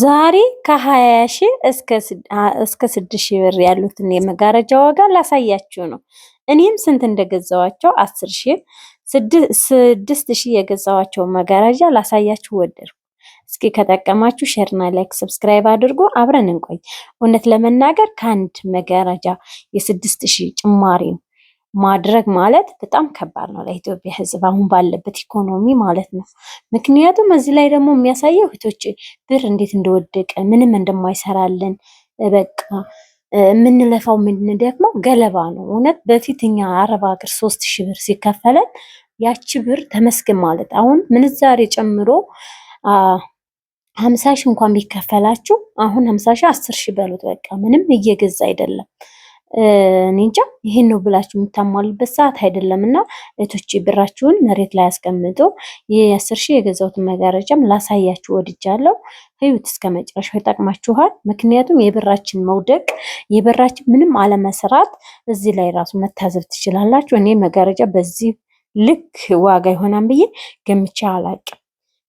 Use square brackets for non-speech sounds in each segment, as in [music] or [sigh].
ዛሬ ከ20 ሺህ እስከ 6 ሺህ ብር ያሉትን የመጋረጃ ዋጋ ላሳያችሁ ነው። እኔም ስንት እንደገዛዋቸው 10 ሺህ፣ 6 ሺህ የገዛዋቸው መጋረጃ ላሳያችሁ ወደድኩ። እስኪ ከጠቀማችሁ ሼርና ላይክ ሰብስክራይብ አድርጎ አብረን እንቆይ። እውነት ለመናገር ከአንድ መጋረጃ የ6 ሺህ ጭማሪ ነው ማድረግ ማለት በጣም ከባድ ነው ለኢትዮጵያ ሕዝብ አሁን ባለበት ኢኮኖሚ ማለት ነው። ምክንያቱም እዚህ ላይ ደግሞ የሚያሳየው እህቶች ብር እንዴት እንደወደቀ ምንም እንደማይሰራልን በቃ የምንለፋው የምንደክመው ገለባ ነው። እውነት በፊት እኛ አረብ ሀገር ሶስት ሺህ ብር ሲከፈለን ያቺ ብር ተመስገን ማለት አሁን ምንዛሬ ጨምሮ ሀምሳ ሺህ እንኳን ቢከፈላችሁ አሁን ሀምሳ ሺህ አስር ሺህ በሉት በቃ ምንም እየገዛ አይደለም። እኔ እንጃ ይሄን ነው ብላችሁ የምታሟሉበት ሰዓት አይደለም። እና እህቶቼ ብራችሁን መሬት ላይ አስቀምጡ። የአስር ሺህ የገዛሁትን መጋረጃም ላሳያችሁ ወድጃለሁ። ህይወት እስከ መጨረሻው ይጠቅማችኋል። ምክንያቱም የብራችን መውደቅ የብራችን ምንም አለመስራት እዚህ ላይ ራሱ መታዘብ ትችላላችሁ። እኔ መጋረጃ በዚህ ልክ ዋጋ ይሆናል ብዬ ገምቼ አላቅም።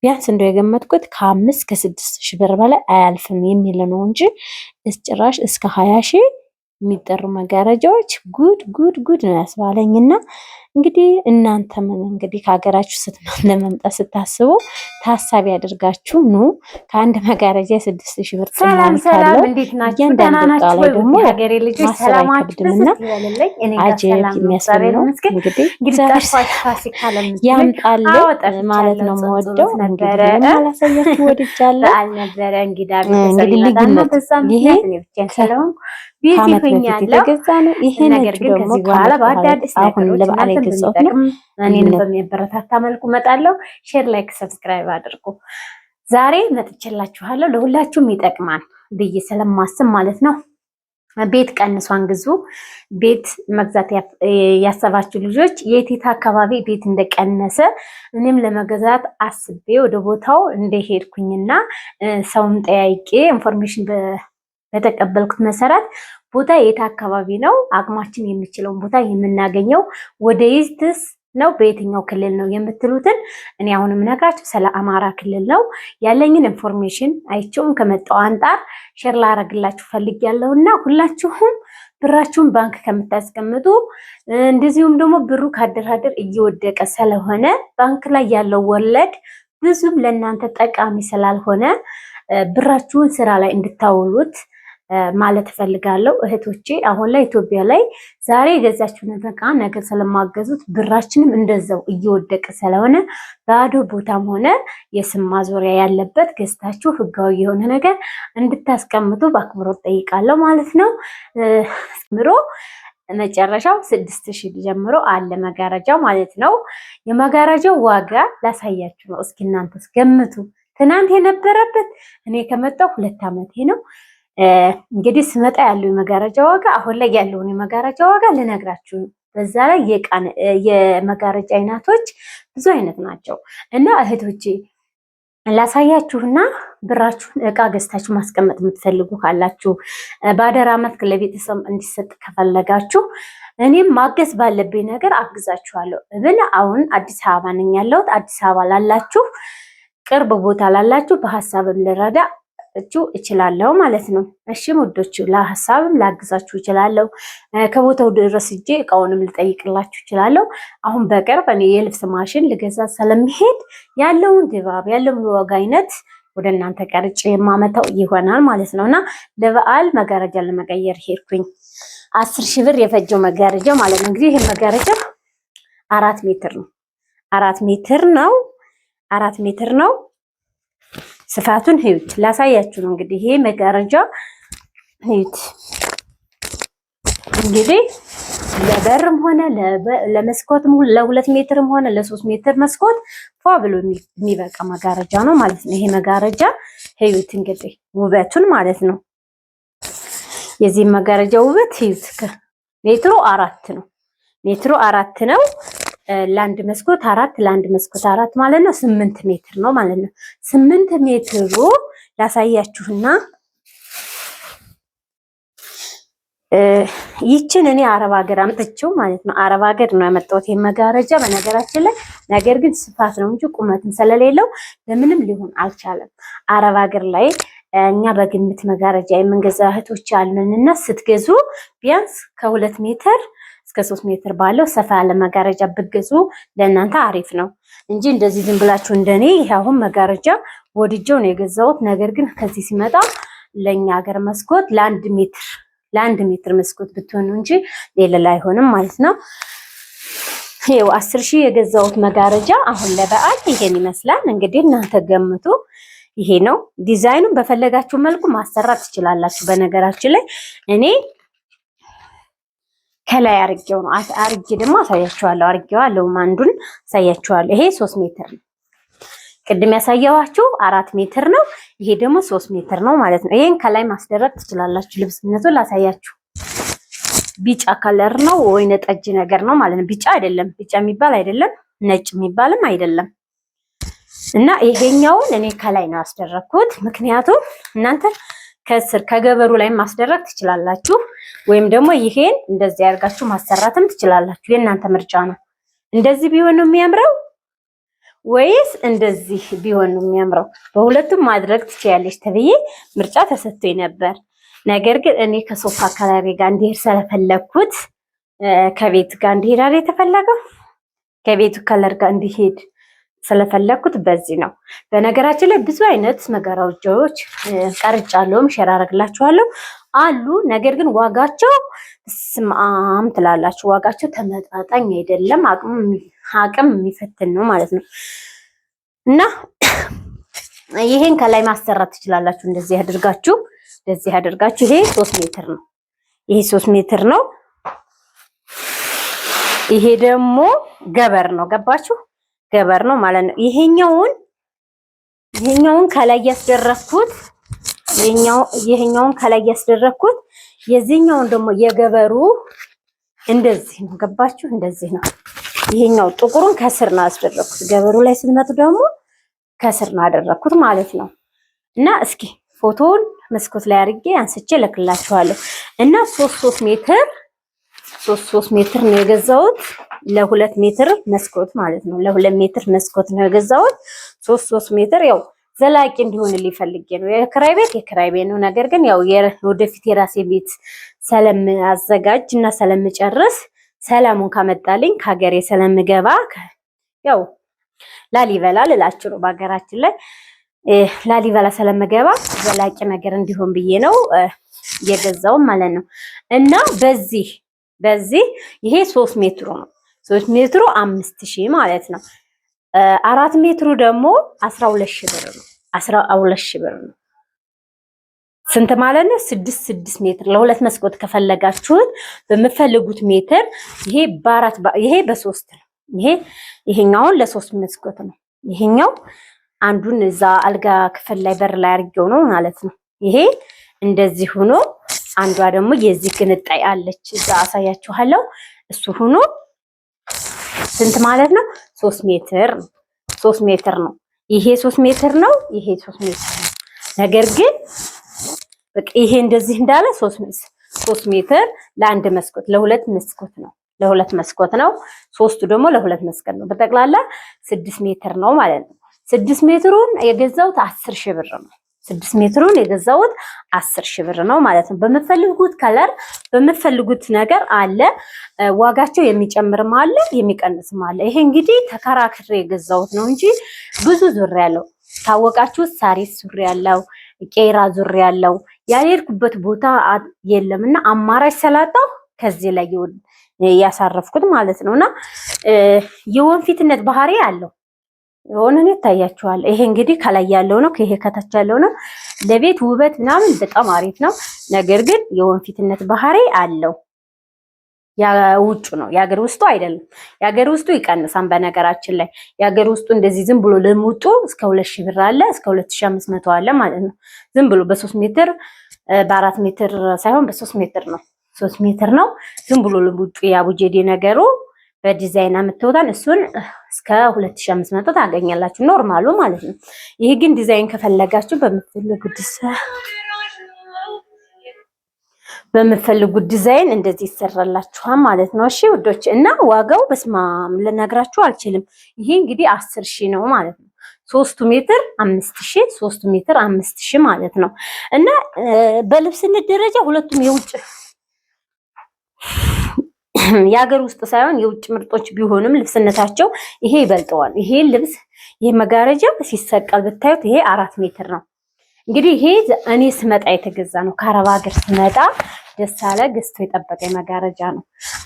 ቢያንስ እንደው የገመትኩት ከአምስት ከስድስት ሺህ ብር በላይ አያልፍም የሚል ነው እንጂ እስጭራሽ እስከ ሀያ ሺህ የሚጠሩ መጋረጃዎች ጉድ ጉድ ጉድ ነው ያስባለኝ። እና እንግዲህ እናንተም እንግዲህ ከሀገራችሁ ለመምጣት ስታስቡ ታሳቢ ያደርጋችሁ ኑ። ከአንድ መጋረጃ የስድስት ሺህ ብር ሰላም ሰላም፣ እንዴት ናችሁ? ደህና ናችሁ ወይ? ደግሞ ሀገሬ ልጆች ሰላማችሁ አጀብ የሚያስብል ያምጣል ማለት ነው። የምወደው እንግዲህ [laughs] ወድጃለሁ። እንግዲህ ልዩነት ይሄ ቤት በሚያበረታታ መልኩ እመጣለሁ። ሼር፣ ላይክ፣ ሰብስክራይብ አድርጉ። ዛሬ መጥቼላችኋለሁ ለሁላችሁም ይጠቅማል ብዬ ስለማስብ ማለት ነው። ቤት ቀንሷን ግዙ። ቤት መግዛት ያሰባችሁ ልጆች የቴታ አካባቢ ቤት እንደቀነሰ እኔም ለመግዛት አስቤ ወደ ቦታው እንደሄድኩኝና ሰውም ጠያይቄ ኢንፎርሜሽን በተቀበልኩት መሰረት ቦታ የት አካባቢ ነው አቅማችን የሚችለውን ቦታ የምናገኘው ወደ ይዝትስ ነው በየትኛው ክልል ነው የምትሉትን እኔ አሁን የምነግራችሁ ስለ አማራ ክልል ነው ያለኝን ኢንፎርሜሽን አይቼውም ከመጣው አንጣር ሼር ላረግላችሁ ፈልጌያለሁ እና ሁላችሁም ብራችሁን ባንክ ከምታስቀምጡ እንደዚሁም ደግሞ ብሩ ከአደር እየወደቀ ስለሆነ ባንክ ላይ ያለው ወለድ ብዙም ለእናንተ ጠቃሚ ስላልሆነ ብራችሁን ስራ ላይ እንድታውሉት ማለት እፈልጋለሁ። እህቶቼ አሁን ላይ ኢትዮጵያ ላይ ዛሬ የገዛችሁን እቃ ነገ ስለማገዙት ብራችንም እንደዛው እየወደቀ ስለሆነ ባዶ ቦታም ሆነ የስም ማዞሪያ ያለበት ገዝታችሁ ህጋዊ የሆነ ነገር እንድታስቀምጡ በአክብሮት ጠይቃለሁ ማለት ነው። ምሮ መጨረሻው ስድስት ሺህ ጀምሮ አለ መጋረጃው ማለት ነው። የመጋረጃው ዋጋ ላሳያችሁ ነው። እስኪ እናንተስ ገምቱ። ትናንት የነበረበት እኔ ከመጣው ሁለት ዓመቴ ነው። እንግዲህ ስመጣ ያለው የመጋረጃ ዋጋ አሁን ላይ ያለውን የመጋረጃ ዋጋ ልነግራችሁ በዛ ላይ የመጋረጃ አይነቶች ብዙ አይነት ናቸው እና እህቶቼ ላሳያችሁና ብራችሁን እቃ ገዝታችሁ ማስቀመጥ የምትፈልጉ ካላችሁ በአደራ መልክ ለቤተሰብ እንዲሰጥ ከፈለጋችሁ እኔም ማገዝ ባለብኝ ነገር አግዛችኋለሁ። እብል አሁን አዲስ አበባ ነኝ ያለሁት። አዲስ አበባ ላላችሁ፣ ቅርብ ቦታ ላላችሁ በሀሳብም ልረዳ እጩ እችላለሁ ማለት ነው። እሺ ውዶች ለሀሳብም ላግዛችሁ እችላለሁ። ከቦታው ድረስ እጄ እቃውንም ልጠይቅላችሁ እችላለሁ። አሁን በቅርብ እኔ የልብስ ማሽን ልገዛ ስለሚሄድ ያለውን ድባብ ያለውን ዋጋ አይነት ወደ እናንተ ቀርጭ የማመጣው ይሆናል ማለት ነው እና ለበዓል መጋረጃ ለመቀየር ሄድኩኝ። አስር ሺህ ብር የፈጀው መጋረጃ ማለት ነው። እንግዲህ ይህ መጋረጃ አራት ሜትር ነው። አራት ሜትር ነው። አራት ሜትር ነው። ስፋቱን ህዩት ላሳያችሁ ነው። እንግዲህ ይሄ መጋረጃ ህዩት እንግዲህ ለበርም ሆነ ለመስኮት ለሁለት ሜትርም ሆነ ለሶስት ሜትር መስኮት ፏ ብሎ የሚበቃ መጋረጃ ነው ማለት ነው። ይሄ መጋረጃ ህዩት እንግዲህ ውበቱን ማለት ነው። የዚህ መጋረጃ ውበት ህዩት ሜትሮ አራት ነው። ሜትሮ አራት ነው። ለአንድ መስኮት አራት ለአንድ መስኮት አራት ማለት ነው ስምንት ሜትር ነው ማለት ነው። ስምንት ሜትሩ ላሳያችሁና ይችን እኔ አረብ ሀገር አምጥቼው ማለት ነው አረብ ሀገር ነው ያመጣሁት መጋረጃ። በነገራችን ላይ ነገር ግን ስፋት ነው እንጂ ቁመትን ስለሌለው ለምንም ሊሆን አልቻለም። አረብ ሀገር ላይ እኛ በግምት መጋረጃ የምንገዛ እህቶች እና ስትገዙ ቢያንስ ከሁለት ሜትር እስከ ሶስት ሜትር ባለው ሰፋ ያለ መጋረጃ ብገዙ ለእናንተ አሪፍ ነው እንጂ እንደዚህ ዝም ብላችሁ እንደኔ ይሄ አሁን መጋረጃ ወድጀው ነው የገዛሁት። ነገር ግን ከዚህ ሲመጣ ለእኛ ሀገር መስኮት ለአንድ ሜትር ለአንድ ሜትር መስኮት ብትሆኑ እንጂ ሌላ አይሆንም ማለት ነው። ይኸው አስር ሺህ የገዛሁት መጋረጃ አሁን ለበዓል ይሄን ይመስላል። እንግዲህ እናንተ ገምቱ። ይሄ ነው ዲዛይኑን በፈለጋችሁ መልኩ ማሰራት ትችላላችሁ። በነገራችን ላይ እኔ ከላይ አርጌው ነው አርጌ ደግሞ አሳያችኋለሁ። አርጌዋለሁ አንዱን አሳያችኋለሁ። ይሄ ሶስት ሜትር ነው። ቅድም ያሳየኋችሁ አራት ሜትር ነው። ይሄ ደግሞ ሶስት ሜትር ነው ማለት ነው። ይሄን ከላይ ማስደረግ ትችላላችሁ። ልብስነቱን ላሳያችሁ። ቢጫ ከለር ነው፣ ወይነ ጠጅ ነገር ነው ማለት ነው። ቢጫ አይደለም፣ ቢጫ የሚባል አይደለም፣ ነጭ የሚባልም አይደለም። እና ይሄኛውን እኔ ከላይ ነው ያስደረግኩት። ምክንያቱም እናንተ ከስር ከገበሩ ላይ ማስደረግ ትችላላችሁ። ወይም ደግሞ ይሄን እንደዚህ ያርጋችሁ ማሰራትም ትችላላችሁ። የእናንተ ምርጫ ነው። እንደዚህ ቢሆን ነው የሚያምረው ወይስ እንደዚህ ቢሆን ነው የሚያምረው? በሁለቱም ማድረግ ትችያለሽ ተብዬ ምርጫ ተሰጥቶኝ ነበር። ነገር ግን እኔ ከሶፋ ከለሬ ጋር እንዲሄድ ስለፈለግኩት ከቤት ጋር እንዲሄድ የተፈለገው ከቤቱ ከለር ጋር እንዲሄድ ስለፈለግኩት በዚህ ነው። በነገራችን ላይ ብዙ አይነት መጋረጃዎች ቀርጫለሁም ሼር አደርግላችኋለሁ። አሉ። ነገር ግን ዋጋቸው ስማም ትላላችሁ። ዋጋቸው ተመጣጣኝ አይደለም። አቅም የሚፈትን ነው ማለት ነው እና ይሄን ከላይ ማሰራት ትችላላችሁ። እንደዚህ አድርጋችሁ እንደዚህ አድርጋችሁ ይሄ ሶስት ሜትር ነው። ይሄ ሶስት ሜትር ነው። ይሄ ደግሞ ገበር ነው። ገባችሁ? ገበር ነው ማለት ነው። ይሄኛውን ይሄኛውን ከላይ ያስደረኩት ይሄኛውን ከላይ ያስደረግኩት የዚህኛውን ደግሞ የገበሩ እንደዚህ ነው። ገባችሁ? እንደዚህ ነው። ይሄኛው ጥቁሩን ከስር ነው ያስደረግኩት። ገበሩ ላይ ስትመጡ ደግሞ ከስር ነው ያደረግኩት ማለት ነው። እና እስኪ ፎቶውን መስኮት ላይ አድርጌ አንስቼ እልክላችኋለሁ። እና ሶስት ሶስት ሜትር ሶስት ሶስት ሜትር ነው የገዛሁት ለሁለት ሜትር መስኮት ማለት ነው። ለሁለት ሜትር መስኮት ነው የገዛሁት ሶስት ሶስት ሜትር ያው ዘላቂ እንዲሆንልኝ ፈልጌ ነው። የክራይ ቤት የክራይ ቤት ነው። ነገር ግን ያው ወደፊት የራሴ ቤት ስለማዘጋጅ እና ስለምጨርስ ሰላሙን ካመጣልኝ ከሀገሬ ስለምገባ ያው ላሊበላ ልላችሁ ነው። በሀገራችን ላይ ላሊበላ ስለምገባ ዘላቂ ነገር እንዲሆን ብዬ ነው የገዛውም ማለት ነው። እና በዚህ በዚህ ይሄ ሶስት ሜትሩ ነው። ሶስት ሜትሩ አምስት ሺህ ማለት ነው። አራት ሜትሩ ደግሞ ሁለት ሺህ ብር ነው። 12 ሺህ ብር ነው። ስንት ማለት ነው? ስድስት ስድስት ሜትር ለሁለት መስኮት ከፈለጋችሁት በምፈልጉት ሜትር ይሄ በአራት ይሄ በሶስት ነው። ይሄ ይሄኛውን ለሶስት መስኮት ነው። ይሄኛው አንዱን እዛ አልጋ ክፍል ላይ በር ላይ አድርጌው ነው ማለት ነው። ይሄ እንደዚህ ሆኖ አንዷ ደግሞ የዚህ ግንጣይ አለች እዛ አሳያችኋለሁ። እሱ ሆኖ ስንት ማለት ነው? ሶስት ሜትር ነው። ሶስት ሜትር ነው። ይሄ ሶስት ሜትር ነው። ይሄ ሶስት ሜትር ነው። ነገር ግን በቃ ይሄ እንደዚህ እንዳለ ሶስት ሜትር ለአንድ መስኮት ለሁለት መስኮት ነው ለሁለት መስኮት ነው። ሶስቱ ደግሞ ለሁለት መስኮት ነው። በጠቅላላ ስድስት ሜትር ነው ማለት ነው። ስድስት ሜትሩን የገዛሁት አስር ሺህ ብር ነው። ስድስት ሜትሩን የገዛሁት አስር ሺህ ብር ነው ማለት ነው። በምፈልጉት ከለር በምፈልጉት ነገር አለ። ዋጋቸው የሚጨምርም አለ የሚቀንስም አለ። ይሄ እንግዲህ ተከራክሬ የገዛሁት ነው እንጂ ብዙ ዙር ያለው ታወቃችሁ፣ ሳሪስ ዙር ያለው ቄራ ዙር ያለው ያልሄድኩበት ቦታ የለም እና አማራጭ ስላጣሁ ከዚህ ላይ ያሳረፍኩት ማለት ነው እና የወንፊትነት ባህሪ አለው የሆነን ይታያችኋል። ይሄ እንግዲህ ከላይ ያለው ነው፣ ይሄ ከታች ያለው ነው። ለቤት ውበት ምናምን በጣም አሪፍ ነው። ነገር ግን የወንፊትነት ባህሪ አለው። ውጩ ነው የሀገር ውስጡ አይደለም። የሀገር ውስጡ ይቀንሳን። በነገራችን ላይ የሀገር ውስጡ እንደዚህ ዝም ብሎ ለምውጡ እስከ ሁለት ሺህ ብር አለ እስከ ሁለት ሺህ አምስት መቶ አለ ማለት ነው። ዝም ብሎ በሶስት ሜትር በአራት ሜትር ሳይሆን በሶስት ሜትር ነው፣ ሶስት ሜትር ነው። ዝም ብሎ ለሙጡ የአቡጀዴ ነገሩ በዲዛይን አምጥተውታል እሱን እስከ 2500 ታገኛላችሁ፣ ኖርማሉ ማለት ነው። ይሄ ግን ዲዛይን ከፈለጋችሁ በምትፈልጉት በምትፈልጉት ዲዛይን እንደዚህ ይሰራላችኋል ማለት ነው። እሺ ውዶች እና ዋጋው በስማም ልነግራችሁ አልችልም። ይሄ እንግዲህ አስር ሺህ ነው ማለት ነው። ሶስቱ ሜትር አምስት ሺህ ሶስቱ ሜትር አምስት ሺህ ማለት ነው እና በልብስነት ደረጃ ሁለቱም የውጭ [clears throat] የሀገር ውስጥ ሳይሆን የውጭ ምርጦች ቢሆንም ልብስነታቸው ይሄ ይበልጠዋል። ይሄ ልብስ ይሄ መጋረጃ ሲሰቀል ብታዩት ይሄ አራት ሜትር ነው። እንግዲህ ይሄ እኔ ስመጣ የተገዛ ነው። ከአረብ ሀገር ስመጣ ደሳለ ገዝቶ የጠበቀ መጋረጃ ነው።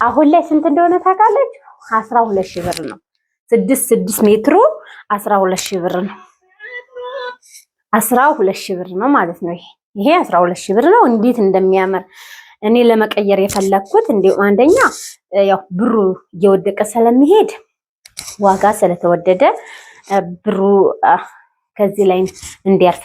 አሁን ላይ ስንት እንደሆነ ታውቃለች? አስራ ሁለት ሺህ ብር ነው። ስድስት ስድስት ሜትሩ አስራ ሁለት ሺህ ብር ነው። አስራ ሁለት ሺህ ብር ነው ማለት ነው። ይሄ ይሄ አስራ ሁለት ሺህ ብር ነው። እንዴት እንደሚያምር እኔ ለመቀየር የፈለግኩት እንዲ አንደኛ ያው ብሩ እየወደቀ ስለሚሄድ ዋጋ ስለተወደደ ብሩ ከዚህ ላይ እንዲያርፍ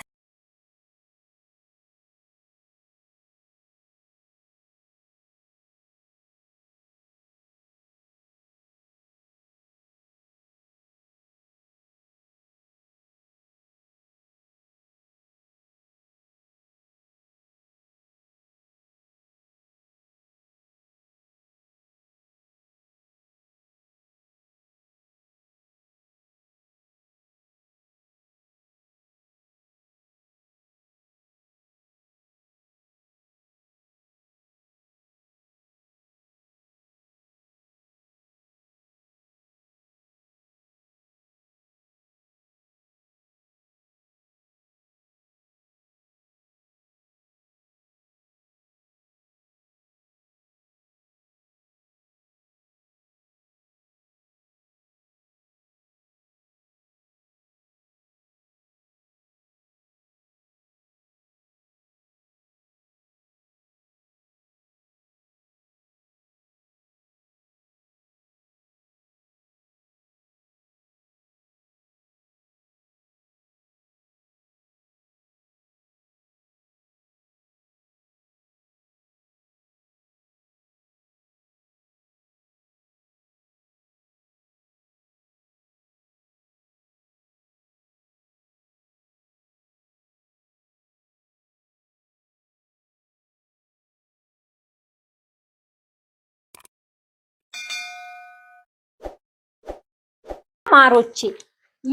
ማሮቼ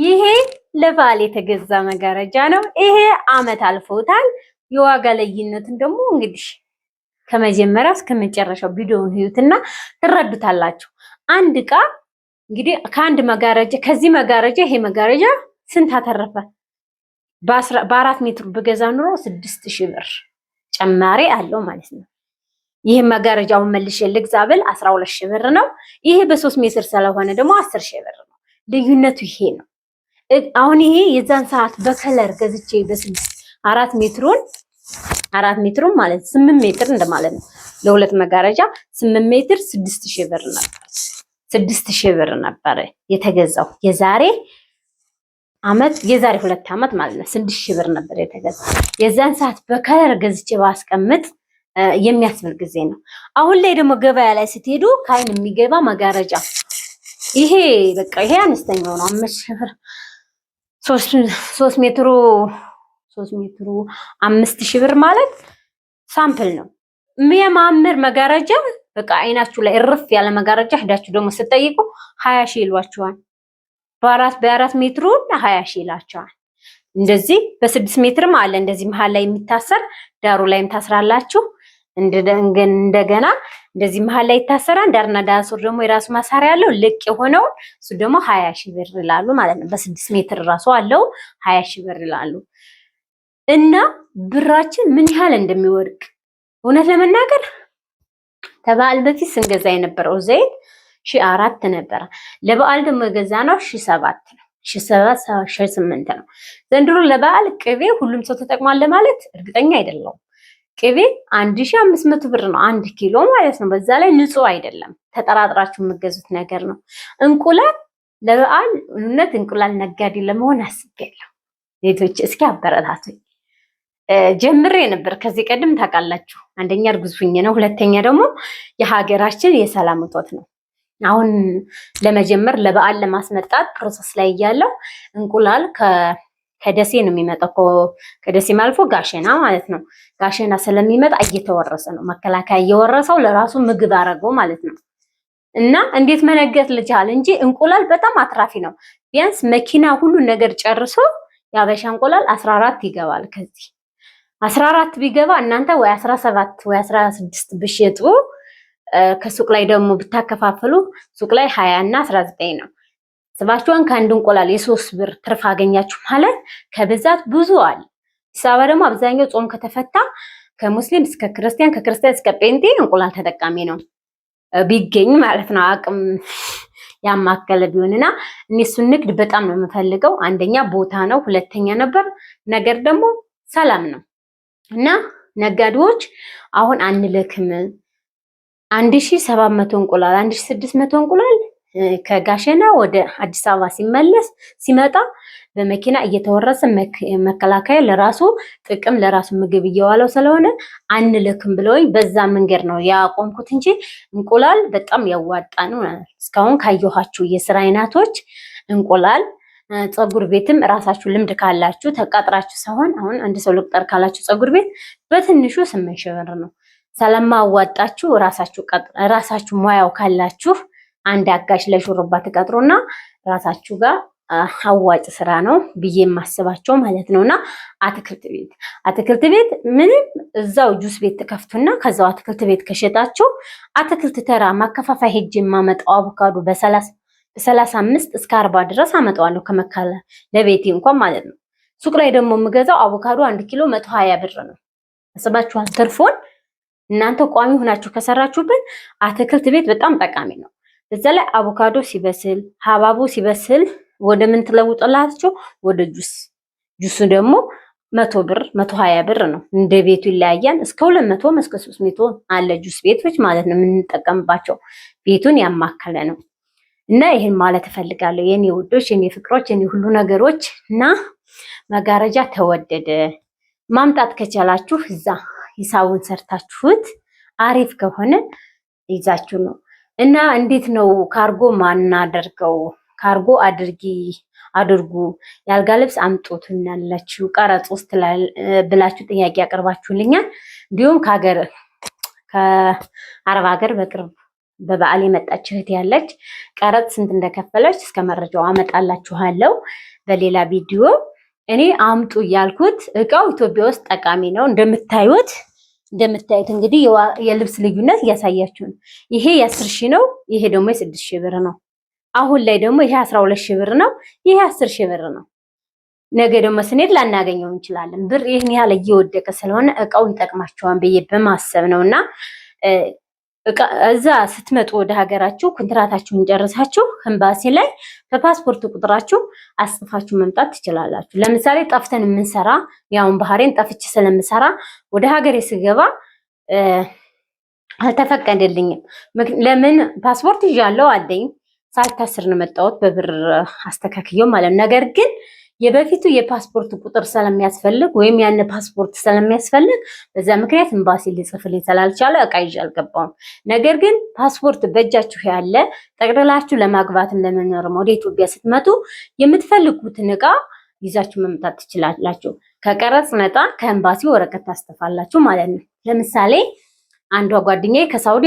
ይሄ ለባል የተገዛ መጋረጃ ነው። ይሄ አመት አልፎታል። የዋጋ ለይነትን ደግሞ እንግዲህ ከመጀመሪያ እስከ መጨረሻው ቪዲዮውን ህዩትና ትረዱታላችሁ። አንድ እቃ እንግዲህ ከአንድ መጋረጃ ከዚህ መጋረጃ ይሄ መጋረጃ ስንት አተረፈ? በአራት ሜትሩ ብገዛ ኑሮ ስድስት ሺህ ብር ጨማሪ አለው ማለት ነው። ይህ መጋረጃውን መልሼ ልግዛ ብል አስራ ሁለት ሺህ ብር ነው። ይሄ በሶስት ሜትር ስለሆነ ደግሞ አስር ሺህ ብር ልዩነቱ ይሄ ነው። አሁን ይሄ የዛን ሰዓት በከለር ገዝቼ በስድስት አራት ሜትሩን አራት ሜትሩን ማለት ስምንት ሜትር እንደማለት ነው። ለሁለት መጋረጃ ስምንት ሜትር ስድስት ሺህ ብር ነበር ስድስት ሺህ ብር ነበር የተገዛው የዛሬ አመት የዛሬ ሁለት አመት ማለት ነው። ስድስት ሺህ ብር ነበር የተገዛ የዛን ሰዓት በከለር ገዝቼ ባስቀምጥ የሚያስብል ጊዜ ነው። አሁን ላይ ደግሞ ገበያ ላይ ስትሄዱ ከአይን የሚገባ መጋረጃ ይሄ በቃ ይሄ አነስተኛው ነው። አምስት ሺህ ብር ሶስት ሜትሩ ሶስት ሜትሩ አምስት ሺህ ብር ማለት ሳምፕል ነው። የሚያማምር መጋረጃ በቃ አይናችሁ ላይ እርፍ ያለ መጋረጃ ሄዳችሁ ደግሞ ስትጠይቁ ሀያ ሺህ ይሏችኋል። በአራት በአራት ሜትሩ ሀያ ሺህ ይላቸዋል። እንደዚህ በስድስት ሜትርም አለ እንደዚህ መሀል ላይ የሚታሰር ዳሩ ላይም ታስራላችሁ። እንደገና እንደዚህ መሀል ላይ ይታሰራ ዳርና ዳያሶር ደግሞ የራሱ ማሳሪያ አለው። ልቅ የሆነውን እሱ ደግሞ ሀያ ሺህ ብር ይላሉ ማለት ነው። በስድስት ሜትር ራሱ አለው ሀያ ሺ ብር ይላሉ እና ብራችን ምን ያህል እንደሚወድቅ እውነት ለመናገር ከበዓል በፊት ስንገዛ የነበረው ዘይት ሺ አራት ነበረ። ለበዓል ደግሞ የገዛ ነው ሺ ሰባት ነው ሺ ሰባት ሺ ስምንት ነው። ዘንድሮ ለበዓል ቅቤ ሁሉም ሰው ተጠቅሟል ለማለት እርግጠኛ አይደለውም። ቅቤ መቶ ብር ነው አንድ ኪሎ ማለት ነው። በዛ ላይ ንጹህ አይደለም፣ ተጠራጥራችሁ የምገዙት ነገር ነው። እንቁላል ለበዓል እውነት እንቁላል ነጋዴ ለመሆን አስቤያለሁ። ቤቶች እስኪ አበረታቱኝ። ጀምሬ ነበር ከዚህ ቀደም ታውቃላችሁ። አንደኛ እርጉዝ ሁኜ ነው፣ ሁለተኛ ደግሞ የሀገራችን የሰላም እጦት ነው። አሁን ለመጀመር ለበዓል ለማስመጣት ፕሮሰስ ላይ እያለው እንቁላል ከደሴ ነው የሚመጣው። ከደሴም አልፎ ጋሸና ማለት ነው። ጋሸና ስለሚመጣ እየተወረሰ ነው። መከላከያ እየወረሰው ለራሱ ምግብ አደረገው ማለት ነው። እና እንዴት መነገት ልቻል እንጂ እንቁላል በጣም አትራፊ ነው። ቢያንስ መኪና ሁሉ ነገር ጨርሶ የአበሻ እንቁላል 14 ይገባል። ከዚህ 14 ቢገባ እናንተ ወይ 17 ወይ 16 ብሽጡ ከሱቅ ላይ ደግሞ ብታከፋፍሉ ሱቅ ላይ 20 እና 19 ነው። ስባችሁን ከአንድ እንቁላል የሶስት ብር ትርፍ አገኛችሁ ማለት ከብዛት ብዙ አለ። አዲስ አበባ ደግሞ አብዛኛው ጾም ከተፈታ ከሙስሊም እስከ ክርስቲያን ከክርስቲያን እስከ ጴንጤ እንቁላል ተጠቃሚ ነው ቢገኝ ማለት ነው አቅም ያማከለ ቢሆንና እኔ ንግድ በጣም ነው የምፈልገው። አንደኛ ቦታ ነው፣ ሁለተኛ ነበር ነገር ደግሞ ሰላም ነው እና ነጋዴዎች አሁን አንልክም አንድ ሺህ ሰባት መቶ እንቁላል አንድ ሺህ ስድስት መቶ እንቁላል ከጋሸና ወደ አዲስ አበባ ሲመለስ ሲመጣ በመኪና እየተወረሰ መከላከያ ለራሱ ጥቅም ለራሱ ምግብ እየዋለው ስለሆነ አንልክም ብለውኝ በዛ መንገድ ነው ያቆምኩት እንጂ እንቁላል በጣም ያዋጣ ነው። እስካሁን ካየኋችሁ የስራ አይነቶች እንቁላል፣ ፀጉር ቤትም ራሳችሁ ልምድ ካላችሁ ተቃጥራችሁ ሳይሆን አሁን አንድ ሰው ልቅጠር ካላችሁ ፀጉር ቤት በትንሹ ስምንት ሺህ ብር ነው። ስለማያዋጣችሁ ራሳችሁ ራሳችሁ ሙያው ካላችሁ አንድ አጋዥ ለሹርባ ተቀጥሮና ራሳችሁ ጋር አዋጭ ስራ ነው ብዬ የማስባቸው ማለት ነውና፣ አትክልት ቤት አትክልት ቤት ምንም እዛው ጁስ ቤት ትከፍቱና ከዛው አትክልት ቤት ከሸጣችሁ አትክልት ተራ ማከፋፋይ ሄጅ የማመጣው አቮካዶ በሰላሳ አምስት እስከ አርባ ድረስ አመጣዋለሁ ከመካለ ለቤቴ እንኳን ማለት ነው። ሱቅ ላይ ደግሞ የምገዛው አቮካዶ አንድ ኪሎ መቶ ሀያ ብር ነው። አስባችኋል? ትርፎን እናንተ ቋሚ ሆናችሁ ከሰራችሁበት አትክልት ቤት በጣም ጠቃሚ ነው። እዛ ላይ አቮካዶ ሲበስል ሀባቡ ሲበስል ወደ ምን ትለውጥላቸው ወደ ጁስ። ጁሱ ደግሞ መቶ ብር መቶ ሀያ ብር ነው። እንደ ቤቱ ይለያያል። እስከ ሁለት መቶ እስከ ሶስት መቶ አለ ጁስ ቤቶች ማለት ነው የምንጠቀምባቸው። ቤቱን ያማከለ ነው እና ይህን ማለት እፈልጋለሁ የኔ ውዶች፣ የኔ ፍቅሮች፣ የኔ ሁሉ ነገሮች እና መጋረጃ ተወደደ። ማምጣት ከቻላችሁ እዛ ሂሳቡን ሰርታችሁት አሪፍ ከሆነ ይዛችሁ ነው እና እንዴት ነው ካርጎ ማናደርገው? ካርጎ አድርጊ አድርጉ የአልጋ ልብስ አምጡት እናላችሁ ቀረጽ ውስጥ ብላችሁ ጥያቄ ያቀርባችሁልኛል። እንዲሁም ከሀገር ከአረብ ሀገር በቅርብ በበዓል የመጣች እህት ያለች ቀረጥ ስንት እንደከፈለች እስከ መረጃው አመጣላችኋለሁ በሌላ ቪዲዮ። እኔ አምጡ እያልኩት እቃው ኢትዮጵያ ውስጥ ጠቃሚ ነው እንደምታዩት እንደምታዩት እንግዲህ የልብስ ልዩነት እያሳያችሁ ነው። ይሄ የአስር ሺህ ነው። ይሄ ደግሞ የስድስት ሺህ ብር ነው። አሁን ላይ ደግሞ ይሄ አስራ ሁለት ሺህ ብር ነው። ይሄ አስር ሺህ ብር ነው። ነገ ደግሞ ስንሄድ ላናገኘው እንችላለን። ብር ይህን ያህል እየወደቀ ስለሆነ እቃው ይጠቅማቸዋን ብዬ በማሰብ ነው እና እዛ ስትመጡ ወደ ሀገራችሁ ኮንትራታችሁን ጨርሳችሁ ኤምባሲ ላይ በፓስፖርት ቁጥራችሁ አስጽፋችሁ መምጣት ትችላላችሁ። ለምሳሌ ጠፍተን የምንሰራ ያውን ባህሬን ጠፍቼ ስለምሰራ ወደ ሀገሬ ስገባ አልተፈቀደልኝም። ለምን ፓስፖርት ይዣለሁ አለኝ። ሳልታስር ነው መጣሁት በብር አስተካክየው ማለት ነገር ግን የበፊቱ የፓስፖርት ቁጥር ስለሚያስፈልግ ወይም ያን ፓስፖርት ስለሚያስፈልግ በዛ ምክንያት ኤምባሲ ሊጽፍልኝ ስላልቻለ እቃ ይዤ አልገባሁም። ነገር ግን ፓስፖርት በእጃችሁ ያለ ጠቅልላችሁ ለማግባትም ለመኖርም ወደ ኢትዮጵያ ስትመጡ የምትፈልጉትን እቃ ይዛችሁ መምጣት ትችላላችሁ። ከቀረጽ ነጣ ከኤምባሲ ወረቀት ታስተፋላችሁ ማለት ነው። ለምሳሌ አንዷ ጓደኛዬ ከሳውዲ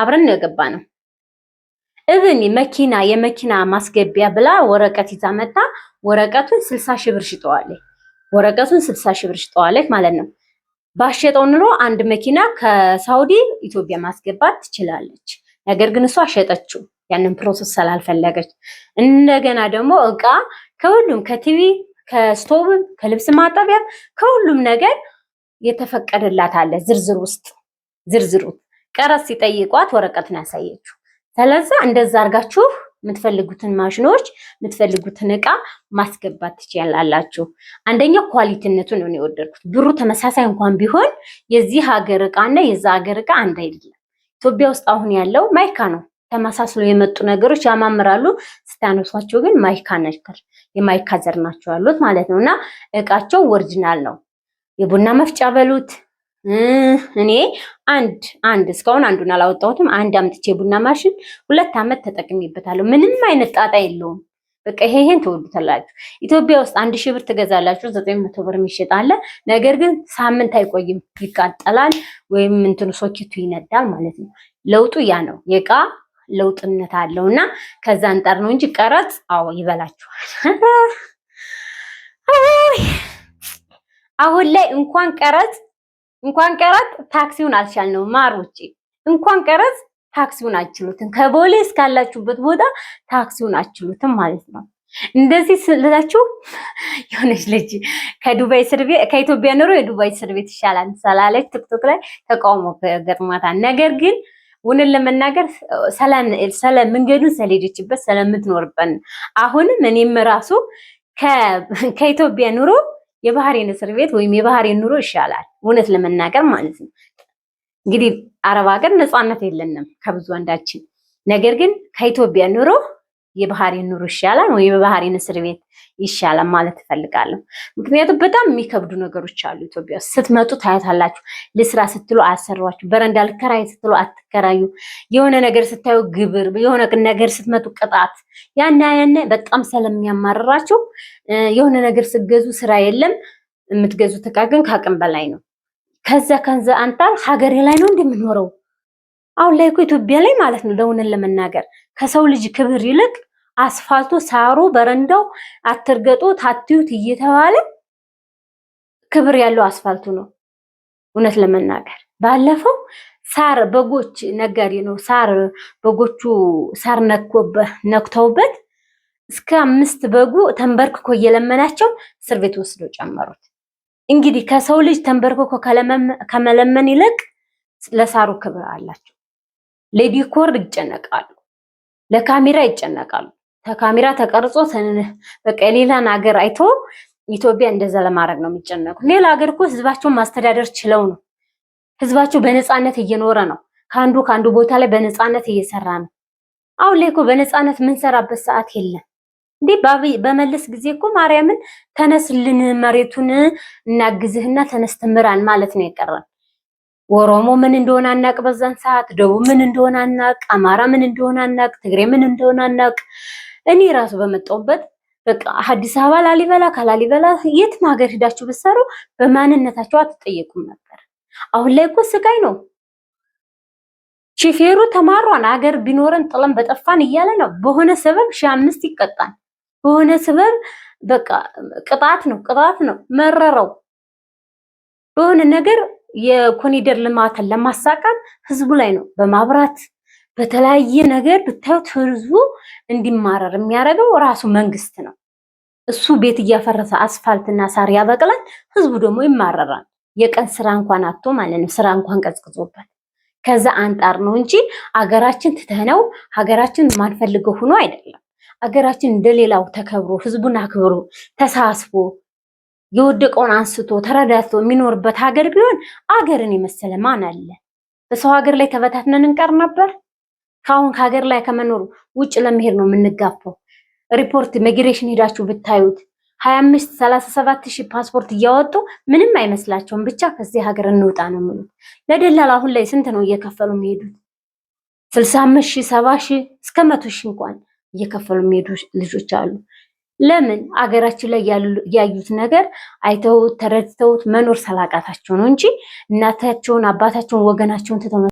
አብረን ነው የገባ ነው እብን መኪና የመኪና ማስገቢያ ብላ ወረቀት ይዛ መጣ። ወረቀቱን ስልሳ ሺህ ብር ሽጠዋለች። ወረቀቱን ስልሳ ሺህ ብር ሽጠዋለች ማለት ነው። ባሸጠው ኑሮ አንድ መኪና ከሳውዲ ኢትዮጵያ ማስገባት ትችላለች። ነገር ግን እሷ ሸጠችው ያንን ፕሮሰስ ስላልፈለገች። እንደገና ደግሞ እቃ ከሁሉም ከቲቪ ከስቶብ ከልብስ ማጠቢያ ከሁሉም ነገር የተፈቀደላት አለ ዝርዝር ውስጥ ዝርዝሩ ቀረስ ሲጠይቋት ወረቀቱን ያሳየችው ስለዛ እንደዛ አርጋችሁ የምትፈልጉትን ማሽኖች የምትፈልጉትን እቃ ማስገባት ትችላላችሁ። አንደኛው ኳሊቲነቱ ነው የወደድኩት። ብሩ ተመሳሳይ እንኳን ቢሆን የዚህ ሀገር እቃና የዛ ሀገር እቃ አንድ አይደለም። ኢትዮጵያ ውስጥ አሁን ያለው ማይካ ነው። ተመሳስሎ የመጡ ነገሮች ያማምራሉ፣ ስታነሷቸው ግን ማይካ ነክር የማይካ ዘር ናቸው ያሉት ማለት ነው እና እቃቸው ወርጅናል ነው። የቡና መፍጫ በሉት እኔ አንድ አንድ እስካሁን አንዱን አላወጣሁትም። አንድ አምጥቼ ቡና ማሽን ሁለት ዓመት ተጠቅሜበታለሁ። ምንም አይነት ጣጣ የለውም። በቃ ይሄ ይሄን ትወዱታላችሁ። ኢትዮጵያ ውስጥ አንድ ሺህ ብር ትገዛላችሁ፣ ዘጠኝ መቶ ብር የሚሸጥ ነገር ግን ሳምንት አይቆይም፣ ይቃጠላል ወይም እንትኑ ሶኬቱ ይነዳል ማለት ነው። ለውጡ ያ ነው። የእቃ ለውጥነት አለው እና ከዛ አንጻር ነው እንጂ ቀረጽ፣ አዎ ይበላችኋል። [laughs] አሁን ላይ እንኳን ቀረጽ እንኳን ቀረጥ ታክሲውን አልቻልነው። ማሮቼ እንኳን ቀረጥ ታክሲውን አልችሉትም። ከቦሌ እስካላችሁበት ቦታ ታክሲውን አልችሉትም ማለት ነው። እንደዚህ ስላችሁ የሆነች ልጅ ከዱባይ እስር ቤት ከኢትዮጵያ ኑሮ የዱባይ እስር ቤት ይሻላል ስላለች ቲክቶክ ላይ ተቃውሞ ገጥሟታል። ነገር ግን ውንን ለመናገር ስለ መንገዱን ስለሄደችበት ስለምትኖርበት አሁንም እኔም ራሱ ከኢትዮጵያ ኑሮ የባህሬን እስር ቤት ወይም የባህሬን ኑሮ ይሻላል፣ እውነት ለመናገር ማለት ነው። እንግዲህ አረብ ሀገር ነፃነት የለንም ከብዙ አንዳችን፣ ነገር ግን ከኢትዮጵያ ኑሮ የባህሬን ኑሮ ይሻላል ወይ የባህሬን እስር ቤት ይሻላል ማለት እፈልጋለሁ። ምክንያቱም በጣም የሚከብዱ ነገሮች አሉ። ኢትዮጵያ ውስጥ ስትመጡ ታያታላችሁ። ልስራ ስትሉ አያሰሯችሁ፣ በረንዳ ልከራይ ስትሉ አትከራዩ፣ የሆነ ነገር ስታዩ ግብር፣ የሆነ ነገር ስትመጡ ቅጣት፣ ያና ያነ በጣም ስለሚያማርራችሁ የሆነ ነገር ስትገዙ ስራ የለም የምትገዙት ዕቃ ግን ከአቅም በላይ ነው። ከዛ ከዛ አንጣር ሀገሬ ላይ ነው እንደምኖረው አሁን ላይ እኮ ኢትዮጵያ ላይ ማለት ነው ለእውነት ለመናገር ከሰው ልጅ ክብር ይልቅ አስፋልቱ፣ ሳሩ፣ በረንዳው አትርገጡ ታትዩት እየተባለ ክብር ያለው አስፋልቱ ነው። እውነት ለመናገር ባለፈው ሳር በጎች ነጋዴ ነው ሳር በጎቹ ሳር ነክተውበት እስከ አምስት በጉ ተንበርክኮ እየለመናቸው እስር ቤት ወስዶ ጨመሩት። እንግዲህ ከሰው ልጅ ተንበርክኮ ከመለመን ይልቅ ለሳሩ ክብር አላቸው። ለዲኮር ይጨነቃሉ፣ ለካሜራ ይጨነቃሉ። ከካሜራ ተቀርጾ በቃ የሌላን ሀገር አይቶ ኢትዮጵያ እንደዛ ለማድረግ ነው የሚጨነቁ ሌላ ሀገር እኮ ህዝባቸውን ማስተዳደር ችለው ነው። ህዝባቸው በነፃነት እየኖረ ነው። ከአንዱ ከአንዱ ቦታ ላይ በነፃነት እየሰራ ነው። አሁን ላይ እኮ በነፃነት የምንሰራበት ሰዓት የለም። እንዲህ በመለስ ጊዜ እኮ ማርያምን ተነስልን፣ መሬቱን እናግዝህና ተነስ ትምራን ማለት ነው የቀረን። ኦሮሞ ምን እንደሆነ አናቅ፣ በዛን ሰዓት ደቡብ ምን እንደሆነ አናቅ፣ አማራ ምን እንደሆነ አናቅ፣ ትግሬ ምን እንደሆነ አናቅ። እኔ ራሱ በመጣሁበት በቃ አዲስ አበባ ላሊበላ፣ ካላሊበላ የትም ሀገር ሂዳችሁ ብትሰሩ በማንነታቸው አትጠየቁም ነበር። አሁን ላይ እኮ ስቃይ ነው። ሾፌሩ ተማሯን ሀገር ቢኖረን ጥለን በጠፋን እያለ ነው። በሆነ ሰበብ ሺህ አምስት ይቀጣል። በሆነ ሰበብ በቃ ቅጣት ነው ቅጣት ነው መረረው በሆነ ነገር የኮኒደር ልማትን ለማሳካት ህዝቡ ላይ ነው በማብራት በተለያየ ነገር ብታዩት ህዝቡ እንዲማረር የሚያደርገው ራሱ መንግስት ነው። እሱ ቤት እያፈረሰ አስፋልትና ሳር ያበቅላል፣ ህዝቡ ደግሞ ይማረራል። የቀን ስራ እንኳን አቶ ማለት ነው ስራ እንኳን ቀዝቅዞበት ከዛ አንጣር ነው እንጂ አገራችን ትተነው ሀገራችን ማንፈልገው ሆኖ አይደለም። አገራችን እንደሌላው ተከብሮ ህዝቡን አክብሮ ተሳስቦ የወደቀውን አንስቶ ተረዳድቶ የሚኖርበት ሀገር ቢሆን አገርን የመሰለ ማን አለ? በሰው ሀገር ላይ ተበታትነን እንቀር ነበር። ከአሁን ከሀገር ላይ ከመኖር ውጭ ለመሄድ ነው የምንጋፋው። ሪፖርት ኢሚግሬሽን ሄዳችሁ ብታዩት ሀያ አምስት ሰላሳ ሰባት ሺህ ፓስፖርት እያወጡ ምንም አይመስላቸውም። ብቻ ከዚህ ሀገር እንውጣ ነው የሚሉት። ለደላላ አሁን ላይ ስንት ነው እየከፈሉ የሚሄዱት? ስልሳ አምስት ሺህ ሰባ ሺህ እስከ መቶ ሺህ እንኳን እየከፈሉ የሚሄዱ ልጆች አሉ። ለምን አገራችን ላይ ያዩት ነገር አይተውት ተረድተውት መኖር ሰላቃታቸው ነው እንጂ እናታቸውን አባታቸውን ወገናቸውን ትተው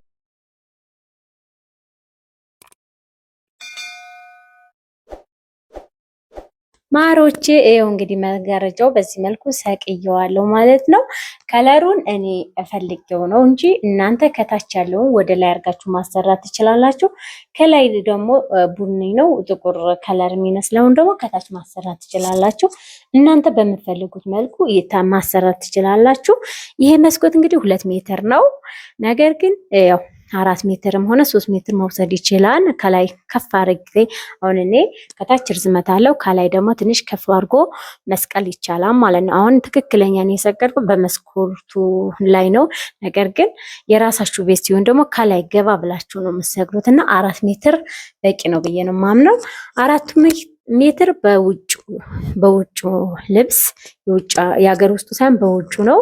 ማሮቼ ይኸው እንግዲህ መጋረጃው በዚህ መልኩ ሰቅየዋለሁ ማለት ነው። ከለሩን እኔ እፈልገው ነው እንጂ እናንተ ከታች ያለውን ወደ ላይ አድርጋችሁ ማሰራት ትችላላችሁ። ከላይ ደግሞ ቡኒ ነው ጥቁር ከለር የሚመስለውን ደግሞ ከታች ማሰራት ትችላላችሁ። እናንተ በምትፈልጉት መልኩ ማሰራት ትችላላችሁ። ይሄ መስኮት እንግዲህ ሁለት ሜትር ነው። ነገር ግን ያው አራት ሜትርም ሆነ ሶስት ሜትር መውሰድ ይችላል። ከላይ ከፍ ጊዜ አሁን እኔ ከታች ርዝመት አለው ከላይ ደግሞ ትንሽ ከፍ አድርጎ መስቀል ይቻላል ማለት ነው። አሁን ትክክለኛ ነው የሰቀድኩት በመስኮቱ ላይ ነው። ነገር ግን የራሳችሁ ቤት ሲሆን ደግሞ ከላይ ገባ ብላችሁ ነው የምትሰቅሉት እና አራት ሜትር በቂ ነው ብዬ ነው ማምነው አራቱ ሜትር በውጭ በውጭ ልብስ የሀገር ውስጡ ሳይሆን በውጭ ነው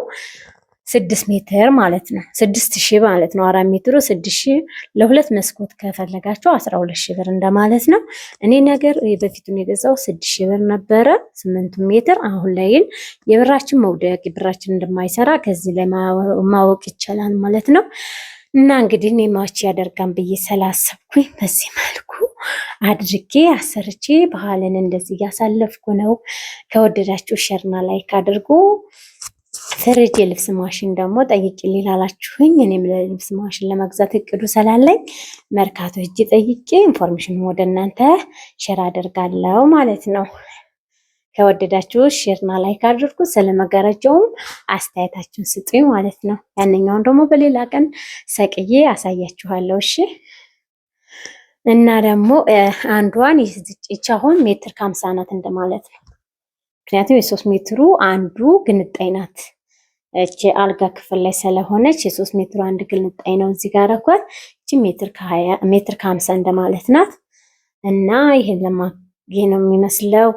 ስድስት ሜትር ማለት ነው። ስድስት ሺህ ማለት ነው። አራት ሜትሩ ስድስት ሺህ ለሁለት መስኮት ከፈለጋቸው አስራ ሁለት ሺህ ብር እንደማለት ነው። እኔ ነገር በፊቱን የገዛው ስድስት ሺ ብር ነበረ ስምንቱ ሜትር። አሁን ላይን የብራችን መውደቅ የብራችን እንደማይሰራ ከዚህ ላይ ማወቅ ይቻላል ማለት ነው። እና እንግዲህ እኔ ማች ያደርጋን ብዬ ስላሰብኩኝ በዚህ መልኩ አድርጌ አሰርቼ ባህልን እንደዚህ እያሳለፍኩ ነው። ከወደዳችሁ ሸርና ላይክ አድርጉ። ፍርድ የልብስ ማሽን ደግሞ ጠይቄ ሊላላችሁኝ እኔም ለልብስ ማሽን ለመግዛት እቅዱ ስላለኝ መርካቶ እጅ ጠይቄ ኢንፎርሜሽን ወደ እናንተ ሼር አደርጋለሁ ማለት ነው። ከወደዳችሁ ሼርና ላይክ አድርጉ። ስለመጋረጃውም አስተያየታችሁን ስጡኝ ማለት ነው። ያንኛውን ደግሞ በሌላ ቀን ሰቅዬ አሳያችኋለሁ። እሺ እና ደግሞ አንዷን ይህች አሁን ሜትር ከሀምሳ ናት እንደማለት ነው። ምክንያቱም የሶስት ሜትሩ አንዱ ግንጣይ ናት። እቺ አልጋ ክፍል ላይ ስለሆነች የሶስት ሜትር አንድ ግልንጣይ ነው እዚህ ጋር ረኳት። እቺ ሜትር ከሀምሳ እንደማለት ናት እና ይህን ነው የሚመስለው።